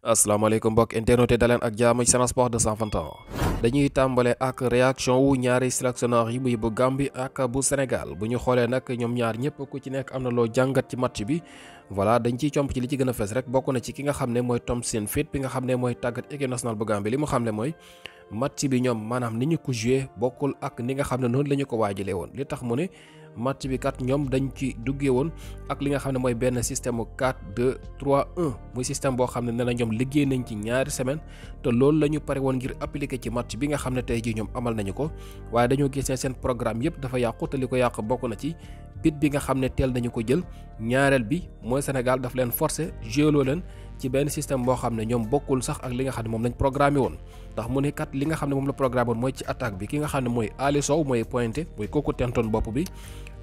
asalaamaaleykum mbokk internaute daleen ak jaamu Sen Sports 221 dañuy tàmbale ak réaction wu ñaari sélectionneur yi muy bu Gambie ak bu Sénégal bu ñu xoolee nag ñoom ñaar ñëpp ku ci nekk am na loo jàngat ci match bi voilà dañ ciy comp ci li ci gën a fees rek bokk na ci ki nga xam ne mooy tom seen Fit bi nga xam ne mooy tàggat équipe nationale bu Gambie li mu xam ne mooy match bi ñoom maanaam ni ñu ko joué bokkul ak ni nga xam ne noonu la ñu ko waajalee woon li tax mu ne match bi kat ñoom dañu ci duggee woon ak li nga xam ne mooy benn système 4 2 3 1 muy système boo xam ne nee na ñoom liggéey nañ ci ñaari semaine te loolu lañu pare woon ngir appliquer ci match bi nga xam ne tey jii ñoom amal nañu ko waaye dañoo gise seen programme yëpp dafa yàqu te ko yàq bokk na ci bit bi nga xam ne teel nañu ko jël ñaareel bi mooy Sénégal daf leen forcer jëloo leen. ci benn système boo xam ne ñoom bokkul sax ak li nga xam ne moom lañ programmé woon ndax mu ne kat li nga xam ne moom la programmé woon mooy ci attaque bi ki nga xam ne mooy Ali Sow mooy pointé mooy kooku tentoon bopp bi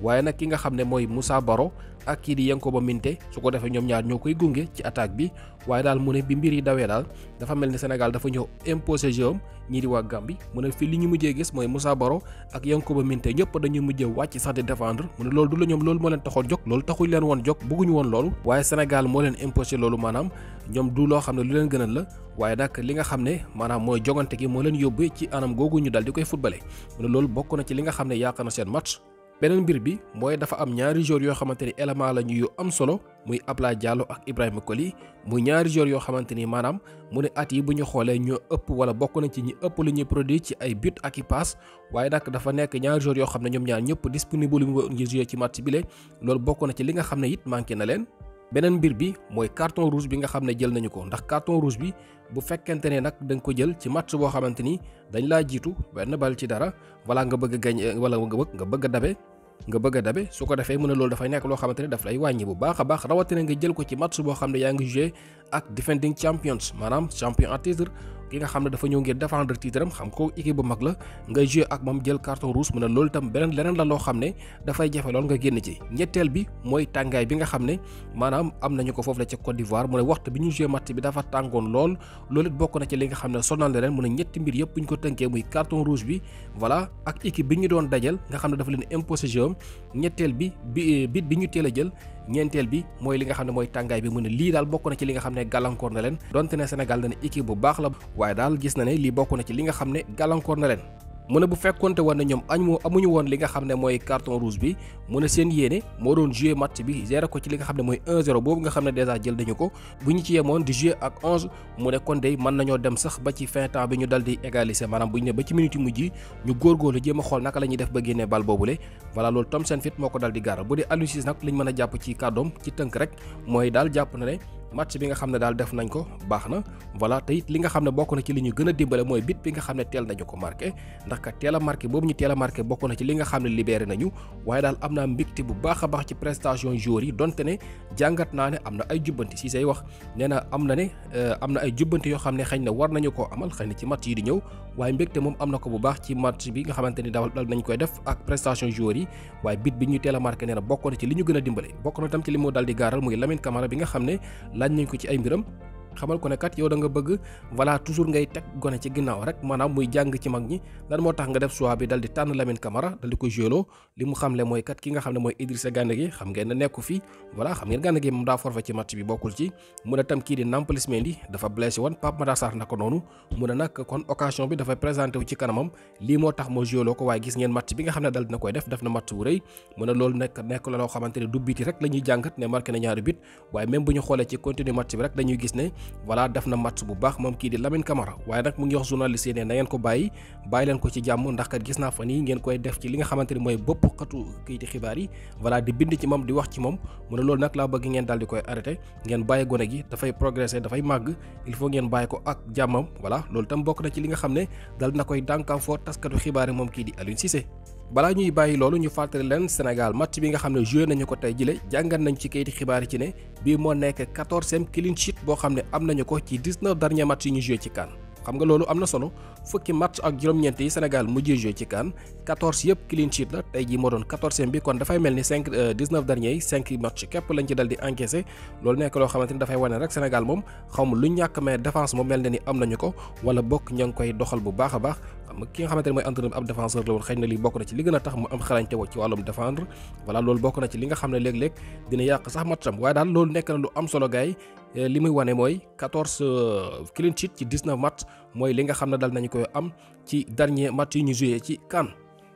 waaye nag ki nga xam ne mooy Moussa Baro ak kii di Yankoba Minte su ko defee ñoom ñaar ñoo koy gunge ci attaque bi waaye daal mu ne bi mbir yi dawee daal dafa mel ni Sénégal dafa ñëw imposé jeu am ñii di waa Gambie mu ne fii li ñu mujjee gis mooy Moussa Baro ak Yankoba Minte ñëpp dañuy mujjee wàcc sax di défendre mu ne loolu du la ñoom loolu moo leen taxoon jóg loolu taxuñ leen woon jóg bëgguñu woon loolu waaye Sénégal moo leen imposé loolu maanaam ñoom du loo xam ne lu leen gënal la waaye nag li nga xam ne maanaam mooy jogante gi moo leen yóbbu ci anam googu ñu dal di koy footballé mu loolu bokk na ci li nga xam ne yàq seen match beneen mbir bi mooy dafa am ñaari joueurs yoo xamante ni élément la ñu yu am solo muy Abla Diallo ak Ibrahima Koli muy ñaari joueurs yoo xamante ni maanaam mu ne at yi bu ñu xoolee ñoo ëpp wala bokk na ci ñi ëpp lu ñuy produit ci ay but ak i paas waaye nag dafa nekk ñaari joueurs yoo xam ne ñoom ñaar ñëpp disponible ngir jouer ci match bi le loolu bokk na ci li nga xam ne it manqué na leen beneen mbir bi mooy carton rouge bi nga xam ne jël nañu ko ndax carton rouge bi bu fekkente ne nag da ko jël ci match boo xamante ni dañ laa jiitu benn bal ci dara wala nga bëgg a gañ wala nga bëgg a dabe nga bëgg a dabe su ko defee mu ne loolu dafay nekk loo xamante ne daf lay wàññi bu baax a baax rawatina nga jël ko ci match boo xam ne yaa ngi joué ak defending champions maanaam champion en titre ki nga xam ne dafa ñëw ngir défendre titre am xam ko équipe bu mag la nga joué ak moom jël carton rouge mu ne loolu itam beneen leneen la loo xam ne dafay jafe lool nga génn ci ñetteel bi mooy tàngaay bi nga xam ne maanaam am nañu ko foofu la ca Côte d'Ivoire mu ne waxtu bi ñu joué match bi dafa tàngoon lool loolu it bokk na ci li nga xam ne sonal na leen mu ne ñetti mbir yëpp ñu ko tënkee muy carton rouge bi voilà ak équipe bi ñu doon dajal nga xam ne dafa leen imposé ñetteel bi bi eh, bit bi ñu teel a jël ñeenteel bi mooy li nga xam ne mooy tàngaay bi mu ne lii daal bokk na ci li nga xam ne gàllankoor na leen donte ne Sénégal dana équipe bu baax la waaye daal gis na ne lii bokk na ci li nga xam ne gàllankoor na leen mu ne bu fekkonte woon na ñoom añu amuñu woon li nga xam ne mooy carton rouge bi mu ne seen yéene moo doon jouer match bi gérer ko ci li nga xam ne mooy 1-0 boobu nga xam ne déjà jël dañu ko bu ñu ci yemoon di jouer ak 11 mu ne kon dey mën nañoo dem sax ba ci fin temps bi ñu dal di égaliser maanaam bu ñu ne ba ci minute yu mujj ñu góorgóorlu jéem a xool naka la ñuy def ba génnee bal boobule voilà loolu Tom Saintfiet moo ko dal di gaar bu dee Aliou Cissé nag liñ mën a jàpp ci kàddoom tënk rek mooy daal jàpp na match bi nga xam ne daal def nañ ko baax na voilà te li nga xam ne bokk na ci li ñu gën a dimbale mooy bit bi nga xam ne teel nañu ko marqué ndax kat teel a marqué boobu teel a bokk na ci li nga xam ne libéré nañu waaye daal am naa mbégte bu baax a baax ci prestation joueurs yi donte ne jàngat naa ne am na ay jubbanti si say wax nee na am na ne euh, am na ay yoo xam ne xëy na war nañu koo amal xëy na ci match yi di ñëw waaye mbégte moom am ko bu baax ci match bi nga xamante ni dal nañ koy def ak prestation joueurs yi waaye bit bi ñuy teel a marqué nee na bokk na ci li ñu gën a dimbale bokk ci li mu dal di gaaral muy Lamine Camara bi nga xam ne laaj nañ ko ci ay mbiram xamal ko ne kat yow da nga bëgg voilà toujours ngay teg gone ci ginnaaw rek maanaam muy jàng ci mag ñi lan moo tax nga def choix bi dal di tànn Lamine Camara dal di ko jëloo li mu xamle mooy kat ki nga xam ne mooy Idrissa Gana Gueye xam ngeen ne nekku fi voilà xam ngeen Gana Gueye moom daa forfait ci match bi bokkul ci mu ne ko noonu mu ne nag kon occasion bi dafa présenté wu ci kanamam lii moo tax moo jëloo ko waaye gis ngeen match bi nga xam ne dal dina koy def def na match bu rëy mu ne loolu nekk nekk la loo xamante ne du biti rek la ñuy jàngat ne marqué waaye même bu ñu xoolee ci continue match bi rek voilà def na match bu baax moom kii di Lamine Camara waaye nag mu ngi wax journaliste yi ne na ko bàyyi bàyyi leen ko ci jàmm ndax kat gis naa fan yi ngeen koy def ci li nga xamante ni mooy bopp xatu kayiti xibaar yi voilà di bind ci moom di wax ci moom mu ne loolu nag laa bëgg ngeen daal di koy arrêté ngeen bàyyi gone gi dafay progresser dafay màgg il faut ngeen bàyyi ko ak jàmmam voilà loolu tam bokk na ci li nga xam ne dal na koy dànkaam foo taskatu xibaar yi moom kii di Aliou Cissé balaa ñuy bàyyi loolu ñu fàttali leen Sénégal match bi nga xam ne joué nañu ko tey jile jàngat nañ ci kayiti xibaar yi ci ne bii moo nekk quatorzième clean sheet boo xam ne am nañu ko ci 19 dernier match yi ñu joué ci kaan xam nga loolu am na solo fukki match ak juróom-ñeent yi Sénégal mujjee joué ci kaan 14 yëpp clean sheet la tey jii moo doon 14e bi kon dafay mel ni 5 19 dernier yi 5 match képp lañ ci dal di encaissé loolu nekk loo xamante ni dafay wane rek Sénégal moom xaw ma lu ñàkk mais défense moom mel na ni am nañu ko wala bokk ña ngi koy doxal bu baax a ki nga xamante ne mooy entraîneur ab défenseur la woon xëy na lii bokk na ci li gën a tax mu am xarañte woo ci wàllum défendre voilà loolu bokk na ci li nga xam ne léeg-léeg dina yàq sax matcham waaye daal loolu nekk na lu am solo gaay eh, li muy wane mooy 14 euh, clean sheet ci 19 match mooy li nga xam ne daal nañu koy am ci dernier match yi ñu joué ci CAN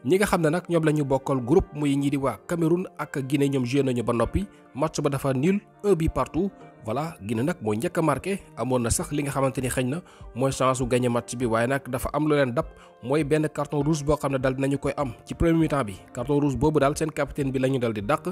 ñi nga xam ne nag ñoom la ñu bokkal groupe muy ñii di waa Cameroun ak Guinée ñoom joué nañu ba noppi match ba dafa nul un partout voilà Guinée nag mooy njëkk a amoon na sax li nga xamante ni xëy na mooy chance su gagné match bi waaye nag dafa am lu leen dab mooy benn carton rouge boo xam ne dal dinañu koy am ci premier mi-temps bi carton rouge boobu daal seen capitaine bi la ñu dal di dàq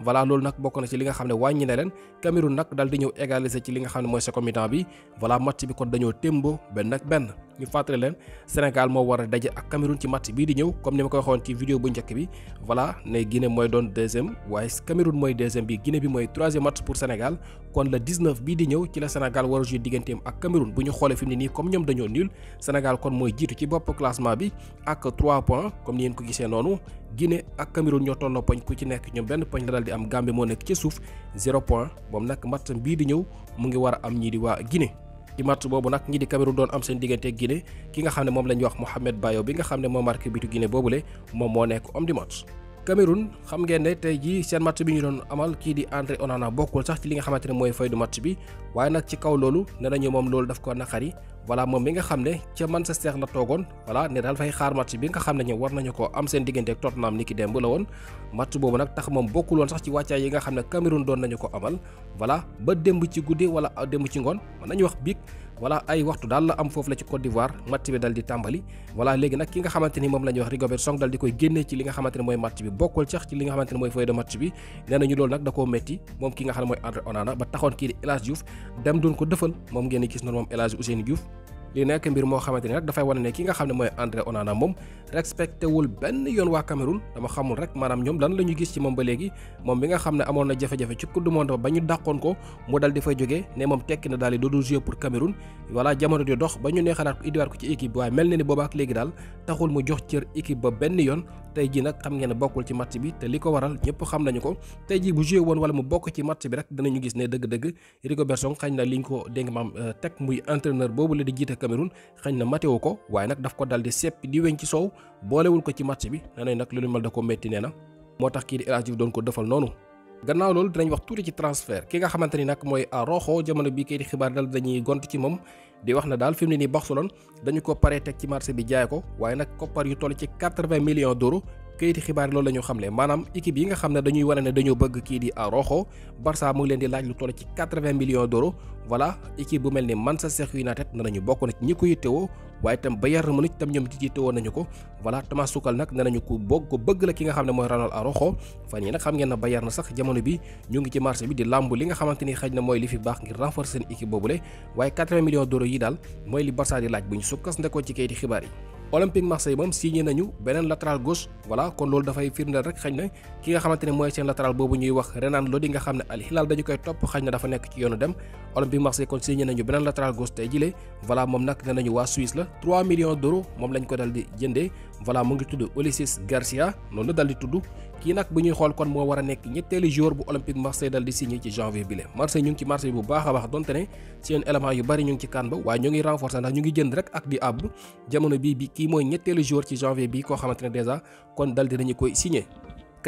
voilà loolu nag bokk na ci li nga xam ne wàññi ne leen Cameroun nag dal di ñëw égaliser ci li nga xam ne mooy second mi bi voilà match bi kon dañoo témboo benn ak benn ñu fàttali leen Sénégal moo war a daje ak ci match bii di ñëw comme ni ma ko waxoon ci vidéo bu njëkk bi voilà ne Guinée mooy doon deuxième waaye Cameroun mooy deuxième bi bi mooy troisième match pour Sénégal kon la 19 bi di ñëw ci la Sénégal war a joué digganteem ak Cameroun bu ñu xoolee fi mu ne nii comme ñoom dañoo nul Sénégal kon mooy jiitu ci bopp classement bi ak 3 points comme ni ngeen ko gisee noonu Guinée ak Cameroun ñoo tolloo poñ ku ci nekk ñoom benn poñ la daldi am Gambie moo nekk ci suuf 0 point moom nag matt bii di ñëw mu ngi war a am ñii di waa Guinée di matt boobu nag ñi di Cameroun doon am seen diggante Guinée ki nga xam ne moom la ñu wax Mohamed Bayo bi nga xam ne moo marqué bitu Guinée boobule moom moo nekk homme du match. Cameroun xam ngeen ne tey jii seen match bi ñu doon amal kii di André onaana bokkul sax ci li nga xamante ne mooy faydu match bi waaye nag ci kaw loolu ne nañu moom loolu daf ko naqari voilà moom mi nga xam ne ca Manchester la toogoon voilà ne daal fay xaar match bi nga xam ne ñoom war nañu ko am seen diggante ak Tottenham ni ki démb la woon match boobu nag tax moom bokkul woon sax ci wàccaay yi nga xam ne Cameroun doon nañu ko amal voilà ba démb ci guddi wala démb ci ngoon mën nañu wax biig wala ay waxtu dal la am fofu la ci Côte d'Ivoire match bi dal di tambali wala legui nak ki nga xamanteni mom lañu wax Rigobert Song dal di koy genné ci li nga xamanteni moy match bi bokol ci ci li nga xamanteni moy feuille de match bi néna ñu lool nak da ko metti mom ki nga xamanteni moy André Onana ba taxone ki Elias Diouf dem doon ko defal mom ngeen gis non mom Elias Ousseyne Diouf li nekk mbir moo xamante ni rek dafay wane ne ki nga xam ne mooy André Onana moom respecté wul benn yoon waa Cameroun dama xamul rek maanaam ñoom lan la ñu gis ci moom ba léegi moom bi nga xam ne amoon na jafe-jafe ci coupe du monde ba ñu dàqoon ko mu dal di fay jógee ne moom tekki na daal di dootul jouer pour Cameroun voilà jamono di dox ba ñu ne xalaat ko indiwaat ko ci équipe bi waaye mel na ni booba ak léegi daal taxul mu jox cër équipe ba benn yoon tey jii nag xam ngeen ne bokkul ci match bi te li ko waral ñëpp xam nañu ko tey jii bu joué woon wala mu bokk ci match bi rek danañu gis ne dëgg-dëgg Rigobertson xañ na liñ ko dénk maam euh, teg muy entraîneur boobu la di jiite Cameroun xañ na matewu ko waaye nag daf ko dal di seppi di weñ ci soow boolewul ko ci match bi nee nañ nag lu mal da ko métti nee moo tax kii di El doon ko defal noonu. gannaaw loolu dinañ wax tuuti ci transfert ki nga xamante ni nag mooy Rojo jamono bii kay di xibaar dal dañuy gont ci moom di wax na daal fi mu nii Barcelone dañu ko paree teg ci marché bi jaay ko waaye nag koppar yu toll ci quatre-vingts kayiti xibaar loolu la ñu xamle maanaam équipe yi nga xam ne dañuy wane ne dañoo bëgg kii di Rojo Barça mu ngi leen di laaj lu toll ci quatre-vingts millions d'euros voilà équipe bu mel ni Manchester United ne nañu bokk na nañu ko voilà Thomas Tuchel nag ko bokk bëgg la ki nga xam ne mooy Ronald Rojo fan yi nag xam ngeen na Bayern na sax jamono bi ñu ngi ci marché bi di làmb li nga xamante ni xëy na mooy li fi baax ngir renforcer seen équipe boobule waaye quatre-vingts millions yi daal li Barça di laaj bu ñu sukkas ndekoo ci kayiti xibaar Olympique Marseille moom signé nañu beneen latéral gauche voilà kon loolu dafay firndeel rek xëy na ki nga xamante ne mooy seen latéral boobu ñuy wax Renan Lodi nga xam ne Al Hilal dañu koy topp xëy na dafa nekk ci yoonu dem Olympique Marseille kon signé nañu beneen latéral gauche tey jile voilà moom nag ne nañu waa Suisse la 3 millions d'euros moom lañ ko dal di jëndee voilà mu ngi tudd Ulisses Garcia noonu la dal di tudd kii nag bu ñuy xool kon moo war a nekk ñetteelu joueur bu Olympique Marseille dal di signé ci janvier bi la Marseille ñu ngi ci marché bu baax a baax donte ne seen élément yu bari ñu ngi ci kan ba waaye ñu ngi renforcer ndax ñu ngi jënd rek ak di àbb jamono bii bi kii mooy ñetteelu joueur ci janvier bi ko xamante ne dèjà kon dal di nañu koy signé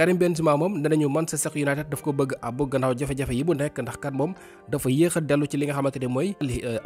Karim Benzema moom ne nañu Manchester United daf ko bëgg àbb gannaaw jafe-jafe yi bu nekk ndax kat moom dafa yéex a dellu ci li nga xamante ne mooy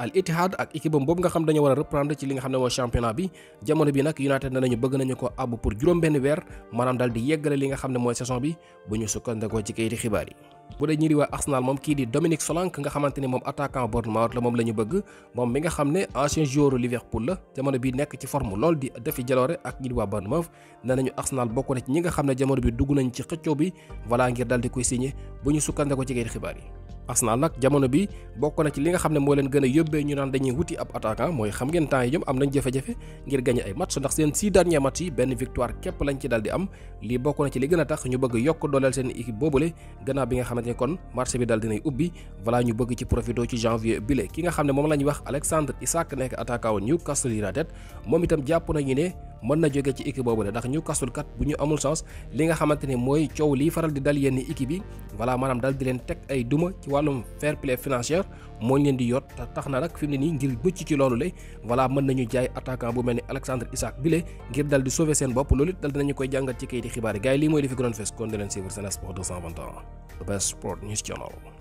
Al Ittihad ak équipe boobu nga xam dañu war a reprendre ci li nga xam ne mooy championnat bi jamono bi nag United ne nañu bëgg nañu ko àbb pour juróom benn weer maanaam daal di yeggale li nga xam ne mooy saison bi bu ñu sukkandikoo ci kayiti xibaar yi bu dee ñi di waa Arsenal moom kii di Dominique Solanke nga xamante ni moom attaquant Bournemouth la moom la ñu bëgg moom mi nga xam ne ancien joueur Liverpool la jamono bi nekk ci forme lool di defi jaloore ak ñi di waa Bournemouth nee nañu Arsenal bokk na ñi nga xam ne jamono bi dugg nañ ci xëccoo bi voilà ngir dal di koy signé bu ñu sukkande ko ci kayit xibaar yi Arsenal nag jamono bi bokk na ci li nga xam ne moo leen gën a yóbbee ñu naan dañuy wuti ab attaquant mooy xam ngeen temps am nañ jafe-jafe ngir gagné ay match ndax seen six derniers yi benn victoire képp lañ ci dal di am lii bokk na ci li gën a tax ñu bëgg yokk dooleel seen équipe boobule gannaaw bi nga xamante ne kon marché bi dal dinay ubbi voilà ñu bëgg ci profito ci janvier bile ki nga xam ne moom la ñuy wax Alexandre Isak nekk attaquant Newcastle United itam jàpp nañu ne mën na jóge ci équipe boobu la ndax Newcastle kat bu ñu amul chance li nga xamante ni mooy coow liy faral di dal yenn équipe yi voilà maanaam dal di leen teg ay duma ci wàllum fair play financier moo leen di yot tax na nag fi mu nii ngir bëcc ci loolu la voilà mën nañu jaay attaquant bu mel ni Alexandre Isak bile ngir dal di sauver seen bopp loolu it dal dinañu koy jàngat ci kayiti xibaar yi gars lii mooy defi Grand Fess kon di leen suivre Sen